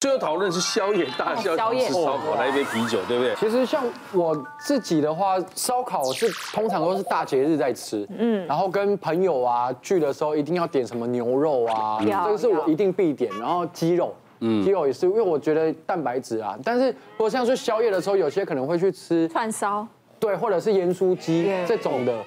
最後討論是宵夜，大宵夜吃燒烤，來一杯啤酒，對不對？其實像我自己的話，燒烤是通常都是大節日在吃，嗯，然後跟朋友啊聚的時候，一定要點什麼牛肉啊，這個是我一定必點，然後雞肉，嗯，雞肉也是，因為我覺得蛋白質啊。但是如果像是宵夜的時候，有些可能會去吃串燒，對，或者是鹽酥雞這種的。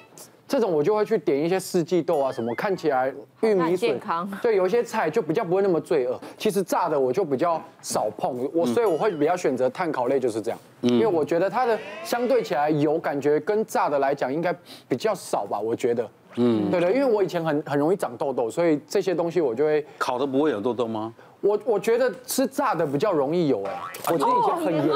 這種我就會去點一些四季豆啊，什麼，看起來玉米筍，對，有一些菜就比較不會那麼罪惡。其實炸的我就比較少碰，我所以我會比較選擇碳烤類，就是這樣。因為我覺得它的相對起來油感覺跟炸的來講應該比較少吧，我覺得。嗯，對的，因為我以前很很容易長痘痘，所以這些東西我就會。烤的不會有痘痘嗎？我我覺得吃炸的比較容易油哎，我以前很油，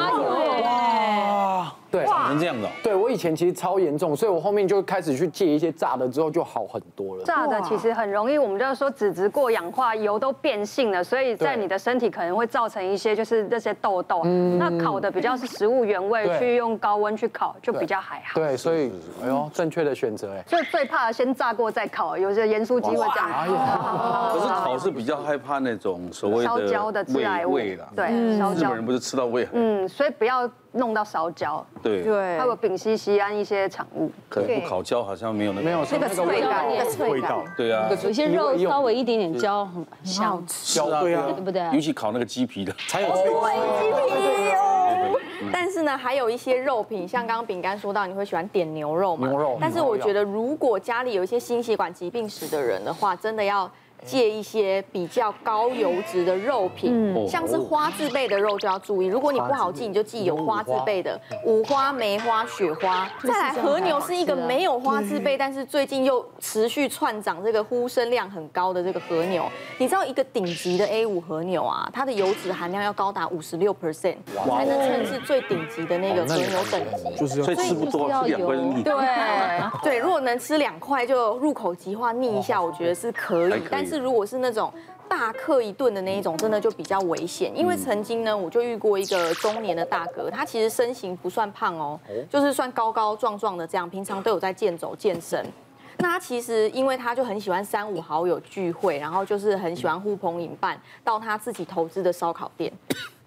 哇，對，能這樣的？對我以前其實超嚴重，所以我後面就開始去戒一些炸的，之後就好很多了。炸的其實很容易，我們就是說脂質過氧化，油都變性了，所以在你的身體可能會造成一些就是那些痘痘。嗯，那烤的比較是食物原味，去用高溫去烤就比較還好。對，對所以哎呦，正確的選擇哎，就最怕先炸過再烤，有些鹽酥雞會這樣，啊啊。可是烤是比較害怕那種所謂。燒焦的致癌物，對，嗯、燒焦日本人不是吃到胃很。嗯，所以不要弄到燒焦。對對。還有丙烯醯胺一些產物。對，不烤焦好像沒有那個沒有那個脆感，脆感味道。對啊。有些肉稍微一點點焦很對對很香。啊，對啊，對不對，啊？啊、尤其烤那個雞皮的才有，啊哦、雞皮、啊。對，對、啊對，對啊，但是呢，還有一些肉品，像剛剛餅乾說到，你會喜歡點牛肉嘛？牛肉。但是我覺得，如果家裡有一些心血管疾病史的人的話，真的要戒一些比較高油脂的肉品，像是花字輩的肉就要注意。如果你不好記，你就記有花字輩的五花、梅花、雪花。再來和牛是一個沒有花字輩，但是最近又持續竄漲，這個呼聲量很高的這個和牛。你知道一個頂級的 A 五和牛啊，它的油脂含量要高達五十六 percent，才能稱是最頂級的那個和牛等級。就是所以吃不多吃兩回膩，對。對，如果能吃兩塊就入口即化，膩一下、哦、我覺得是可以，可以。但是如果是那種大客一頓的那一種，真的就比較危險、嗯。因為曾經呢，我就遇過一個中年的大哥，他其實身形不算胖哦，就是算高高壯壯的這樣，平常都有在健走健身。那他其實因為他就很喜歡三五好友聚會，然後就是很喜歡呼朋引伴到他自己投資的燒烤店。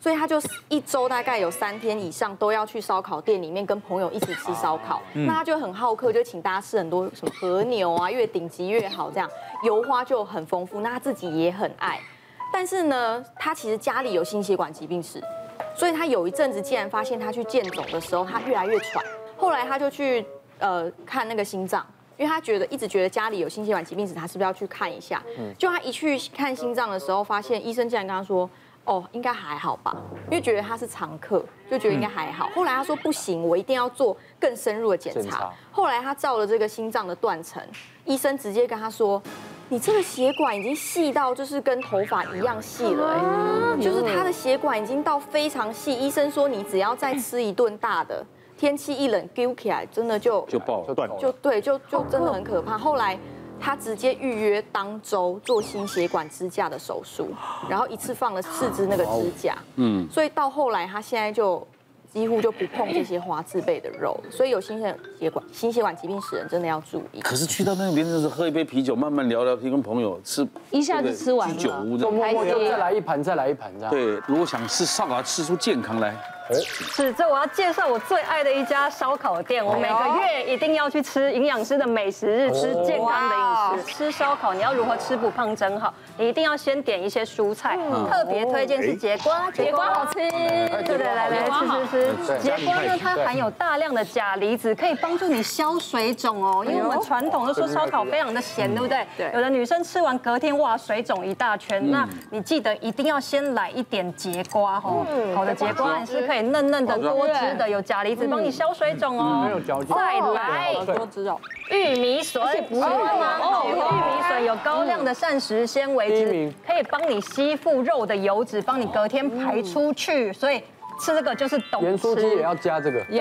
所以他就一週大概有三天以上都要去燒烤店裡面跟朋友一起吃燒烤、嗯，那他就很好客，就請大家吃很多什麼和牛啊，越頂級越好，這樣油花就很豐富。那他自己也很愛，但是呢，他其實家裡有心血管疾病史，所以他有一陣子竟然發現他去健走的時候他越來越喘，後來他就去呃看那個心臟，因為他覺得一直覺得家裡有心血管疾病史，他是不是要去看一下？嗯、就他一去看心臟的時候，發現醫生竟然跟他說。哦，應該還好吧，因為覺得他是常客，就覺得應該還好。後來他說不行，我一定要做更深入的檢查。後來他照了這個心臟的斷層，醫生直接跟他說，你這個血管已經細到就是跟頭髮一樣細了，哎，就是他的血管已經到非常細。醫生說你只要再吃一頓大的，天氣一冷丟起來，真的就就爆了，就斷，就對，就就真的很可怕。後來。他直接預約當周做心血管支架的手術，然後一次放了四支那個支架，嗯，所以到後來他現在就幾乎就不碰這些花枝貝的肉，所以有心血管心血管疾病的人真的要注意。可是去到那邊就是喝一杯啤酒，慢慢聊聊，跟朋友吃，一下子吃完了對對，酒屋，再來一盤，再來一盤，這樣。對，如果想吃燒烤，啊，吃出健康來。是，這我要介紹我最愛的一家燒烤店，我每個月一定要去吃營養師的美食日食，吃健康的飲食，吃燒烤你要如何吃不胖真好，你一定要先點一些蔬菜，特別推薦是節瓜，節瓜，瓜好吃，對對，對，來來吃吃吃，節瓜，瓜呢它含有大量的鉀離子，可以幫助你消水腫哦，因為我們傳統都說燒烤非常的鹹、嗯，對不對，對？有的女生吃完隔天哇水腫一大圈、嗯，那你記得一定要先來一點節瓜哦。好、嗯、的節瓜還是。對，嫩嫩的、多汁的，有鉀離子，幫你消水腫哦。再來，多汁哦，玉米筍，不用了嗎？哦，玉米筍有高量的膳食纖維，可以幫你吸附肉的油脂，幫你隔天排出去。所以吃這個就是懂吃。鹽酥雞也要加這個，對，對，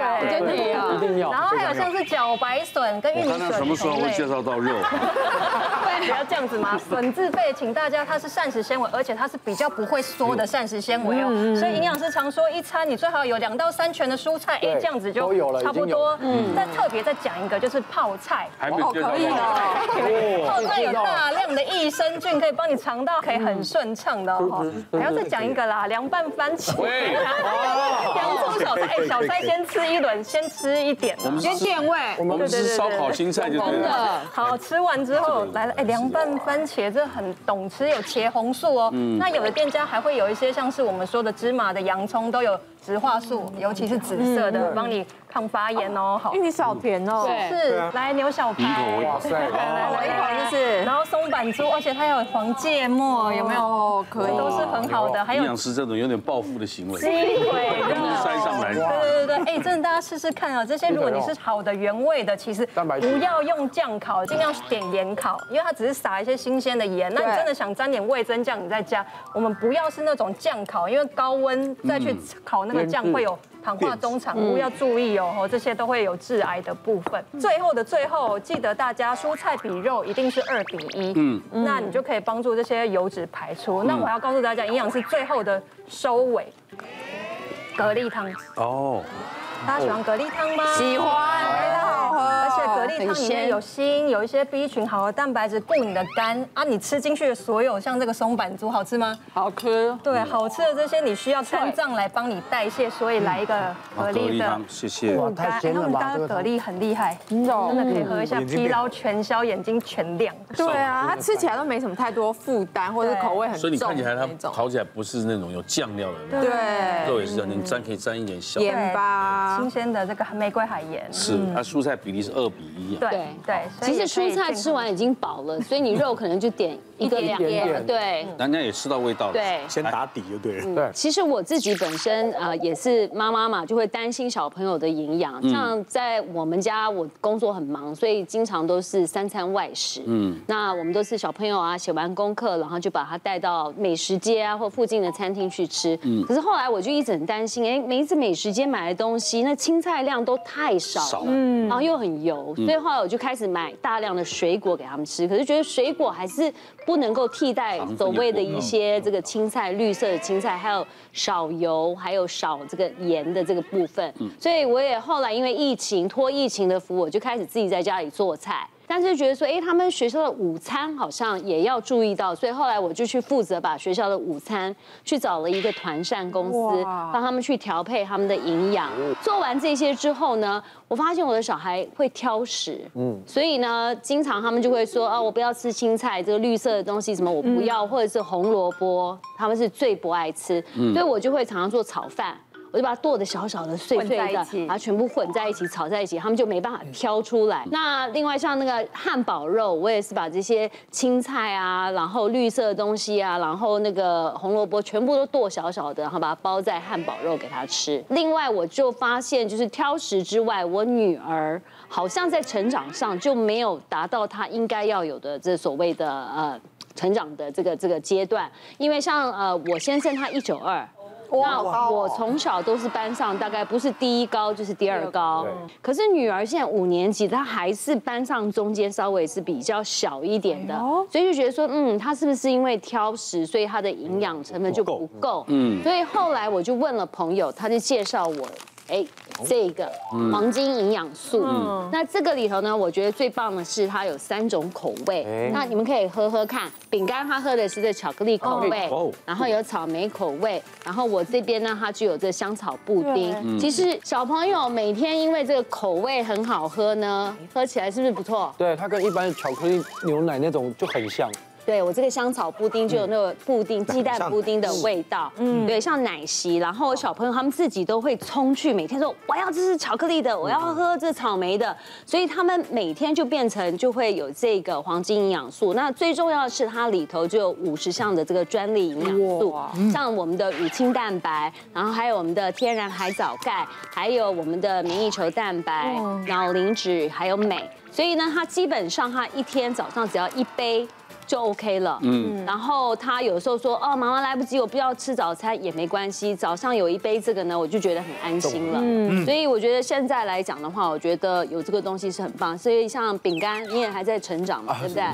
一定要。然後還有像是茭白筍跟玉米筍，什麼時候會介紹到肉？啊？ 你要這樣子嗎？粉質背。請大家，它是膳食纖維，而且它是比較不會縮的膳食纖維哦、嗯。所以營養師常說，一餐你最好有兩到三拳的蔬菜，哎，這樣子就差不多。嗯。再特別再講一個，就是泡菜，好、哦、可以哦。泡菜有大量的益生菌可幫，可以幫你腸道可以很順暢的哈、哦。還要再講一個啦，涼拌番茄， 洋蔥小菜，哎、欸，小菜先吃一輪，先吃一點，先墊胃。我們是燒烤青菜就對了。好，對對對對好，吃完之後來了，哎、欸。涼拌番茄，這很懂吃，有茄紅素哦。嗯，那有的店家還會有一些像是我們說的芝麻的洋蔥都有植化素，嗯，尤其是紫色的，幫、嗯、你抗發炎哦。啊、好，玉米少甜哦。是，是啊，來牛小排，我一口就是。然後松阪豬，而且它有黃芥末，有沒有？哦，可以，都是很好的。還有，營養師這種有點報復的行為。對對對對，哎、欸，真的大家試試看啊、喔！這些如果你是好的原味的，其實不要用醬烤，盡量點鹽烤，因為它只是撒一些新鮮的鹽。那你真的想沾點味噌醬，你再加。我們不要是那種醬烤，因為高溫再去烤那個醬會有糖化終產物，要注意哦、喔。這些都會有致癌的部分。最後的最後，記得大家蔬菜比肉一定是二比一。嗯，那你就可以幫助這些油脂排出。嗯、那我要告訴大家，營養是最後的收尾。蛤蜊湯哦，Oh. Oh. 大家喜歡蛤蜊湯嗎？喜歡。蛤蜊湯裡面有鋅，有一些 B 群，好的蛋白質，固你的肝啊。你吃進去的所有，像這個松板豬，好吃嗎？好吃。對，好吃的這些你需要肝臟來幫你代謝，所以來一個蛤蜊湯，謝謝。哇，太鮮了、欸、這個蛤蜊很厲害，真的可以喝一下，疲勞全消，眼睛全亮。對啊，它吃起來都沒什麼太多負擔，或者是口味很重那種。所以你看起來它烤起來不是那種有醬料的。對，對，肉也是，你蘸可以蘸一點鹽巴，新鮮的這個玫瑰海鹽。是，它、啊、蔬菜比例是二比。對對，對對其實蔬菜吃完已經飽了，所以你肉可能就點一個兩個。 對，大家也吃到味道了。對，先打底就對了。對、嗯，其實我自己本身啊、呃、也是媽媽嘛，就會擔心小朋友的營養。嗯、像在我們家，我工作很忙，所以經常都是三餐外食。嗯，那我們都是小朋友啊，寫完功課，然後就把他帶到美食街啊，或附近的餐廳去吃。嗯、可是後來我就一直很擔心，哎，每一次美食街買的東西，那青菜量都太少了，嗯，然後又很油。嗯所以後來我就開始買大量的水果給他們吃，可是覺得水果還是不能夠替代所謂的一些這個青菜、綠色的青菜，還有少油、還有少這個鹽的這個部分。所以我也後來因為疫情，托疫情的福，我就開始自己在家裡做菜。但是覺得說，哎、欸，他們學校的午餐好像也要注意到，所以後來我就去負責把學校的午餐去找了一個團膳公司，幫他們去調配他們的營養。做完這些之後呢，我發現我的小孩會挑食，嗯，所以呢，經常他們就會說，啊，我不要吃青菜，這個綠色的東西什麼我不要，嗯、或者是紅蘿蔔，他們是最不愛吃，嗯，所以我就會常常做炒飯。我就把它剁的小小的碎碎的，把它全部混在一起，炒在一起，他們就沒辦法挑出來。嗯。那另外像那個漢堡肉，我也是把這些青菜啊，然後綠色的東西啊，然後那個紅蘿蔔全部都剁小小的，然後把它包在漢堡肉給他吃。另外，我就發現就是挑食之外，我女兒好像在成長上就沒有達到她應該要有的這所謂的呃成長的這個這個階段，因為像呃我先生他一九二。那我從小都是班上大概不是第一高就是第二高，可是女兒現在五年級，她還是班上中間稍微是比較小一點的，所以就覺得說，嗯，她是不是因為挑食，所以她的營養成分就不夠？嗯，所以後來我就問了朋友，她就介紹我。哎，這一個黃金營養素。嗯，那這個裡頭呢，我覺得最棒的是它有三種口味，那你們可以喝喝看。餅乾它喝的是這巧克力口味。哦，然後有草莓口味，然後我這邊呢，它就有這香草布丁。其實小朋友每天因為這個口味很好喝呢，喝起來是不是不錯？對，它跟一般的巧克力牛奶那種就很像。對我這個香草布丁就有那個布丁，嗯，雞蛋布丁的味道，嗯，對嗯，像奶昔，然後小朋友他們自己都會沖去，每天說我要這是巧克力的，我要喝這草莓的，嗯、所以他們每天就變成就會有這個黃金營養素。那最重要的是它裡頭就有五十項的這個專利營養素，嗯，像我們的乳清蛋白，然後還有我們的天然海藻鈣，還有我們的免疫球蛋白，然後腦磷脂還有鎂，所以呢，它基本上它一天早上只要一杯。就 OK 了，嗯，然後他有時候說哦，媽媽來不及，我不要吃早餐也沒關係，早上有一杯這個呢，我就覺得很安心了，嗯，所以我覺得現在來講的話，我覺得有這個東西是很棒，所以像餅乾你也還在成長嘛，啊、對不對？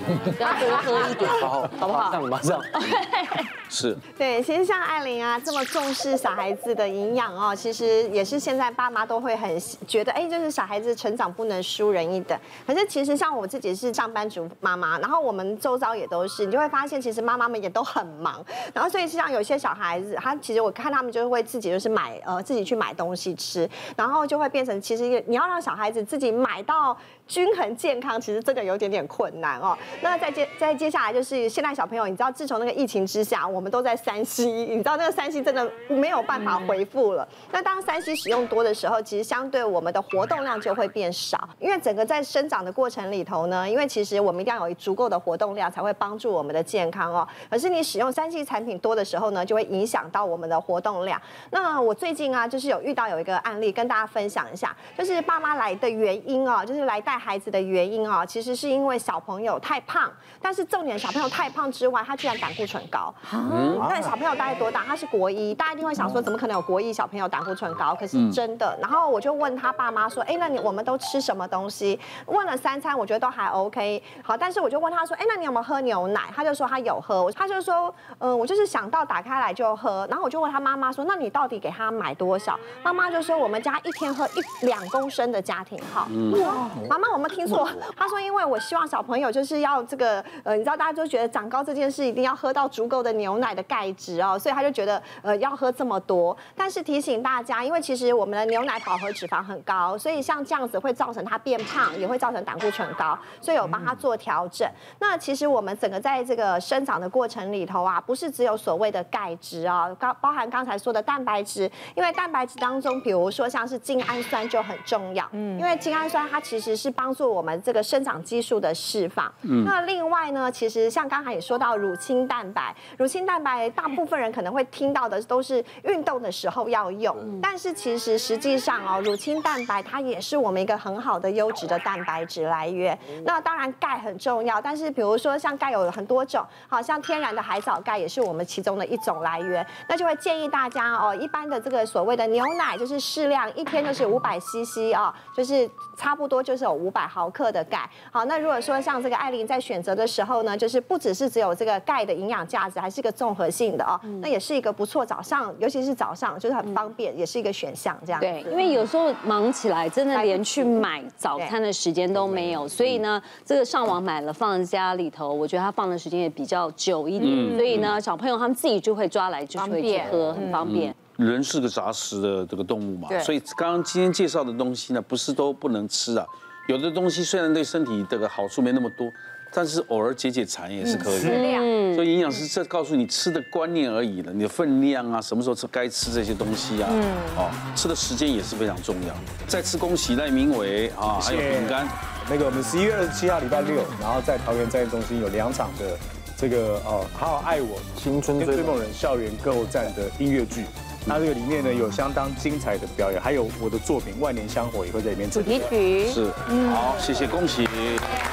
要多喝一點，好，好，好不好？這樣，對，okay. 是，對，其實像艾玲啊這麼重視小孩子的營養哦，其實也是現在爸媽都會很覺得哎，就是小孩子成長不能輸人一等，可是其實像我自己是上班族媽媽，然後我們週遭也。都是，你就會發現，其實媽媽們也都很忙，然後所以實際上有些小孩子，他其實我看他們就會自己就是買，呃，自己去買東西吃，然後就會變成其實一個你要讓小孩子自己買到。均衡健康其實真的有點點困難哦。那再接再接下來就是現在小朋友，你知道自從那個疫情之下，我們都在三 C，你知道那個三 C 真的沒有辦法恢復了。那當三 C 使用多的時候，其實相對我們的活動量就會變少，因為整個在生長的過程裡頭呢，因為其實我們一定要有足夠的活動量才會幫助我們的健康哦。可是你使用三 C 產品多的時候呢，就會影響到我們的活動量。那我最近啊，就是有遇到有一個案例跟大家分享一下，就是爸媽來的原因哦，就是來帶。孩子的原因啊、哦，其實是因為小朋友太胖，但是重點小朋友太胖之外，他居然膽固醇高。對，但小朋友大概多大？他是國一，大家一定會想說，怎麼可能有國一小朋友膽固醇高？可是真的、嗯。然後我就問他爸媽說，哎，那你我們都吃什麼東西？問了三餐，我覺得都還 OK。好，但是我就問他說，哎，那你有沒有喝牛奶？他就說他有喝。他就說，嗯、呃，我就是想到打開來就喝。然後我就問他媽媽說，那你到底給他買多少？媽媽就說，我們家一天喝一兩公升的家庭號，哈。哇、嗯，媽媽。那我沒聽錯，他說因為我希望小朋友就是要這個呃，你知道大家都覺得長高這件事一定要喝到足夠的牛奶的鈣質哦，所以他就覺得呃要喝這麼多。但是提醒大家，因為其實我們的牛奶飽和脂肪很高，所以像這樣子會造成它變胖，也會造成膽固醇高，所以我幫他做調整。那其實我們整個在這個生長的過程裡頭啊，不是只有所謂的鈣質哦，剛包含剛才說的蛋白質，因為蛋白質當中，比如說像是精氨酸就很重要，嗯，因為精氨酸它其實是。幫助我們這個生長激素的釋放，嗯。那另外呢，其實像剛才也說到乳清蛋白，乳清蛋白大部分人可能會聽到的都是運動的時候要用，嗯，但是其實實際上哦，乳清蛋白它也是我們一個很好的優質的蛋白質來源。嗯，那當然鈣很重要，但是比如說像鈣有很多種，好像天然的海藻鈣也是我們其中的一種來源。那就會建議大家哦，一般的這個所謂的牛奶就是適量，一天就是五百 CC 啊，就是差不多就是。五百毫克的鈣，好，那如果說像這個艾玲在選擇的時候呢，就是不只是只有這個鈣的營養價值，還是一個綜合性的啊、哦。那也是一個不錯。早上，尤其是早上，就是很方便，嗯、也是一個選項。這樣對，因為有時候忙起來，真的連去買早餐的時間都沒有，嗯嗯、所以呢，這個上網買了放在家裡頭，我覺得它放的時間也比較久一點。嗯、所以呢、嗯，小朋友他們自己就會抓來，便就會去喝，很方便、嗯。人是個雜食的這個動物嘛，所以剛剛今天介紹的東西呢，不是都不能吃啊。有的東西雖然對身體這個好處沒那麼多，但是偶爾解解饞也是可以。嗯，所以營養師這告訴你吃的觀念而已了，你的分量啊，什麼時候吃該吃這些東西啊，嗯，哦，吃的時間也是非常重要。再次恭喜賴銘偉啊，還有餅乾，那個我們十一月二十七號禮拜六，然後在桃園展演中心有兩場的這個哦、啊，好好愛我青春追夢人校園歌舞戰的音樂劇。那這個裡面呢，有相當精彩的表演，還有我的作品《萬年香火》也會在裡面出現。主題曲是，好，謝謝，恭喜，謝謝，謝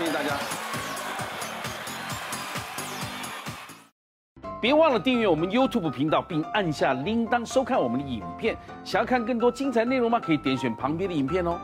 謝大家。別忘了訂閱我們 YouTube 頻道，並按下鈴鐺收看我們的影片。想要看更多精彩內容嗎？可以點選旁邊的影片哦。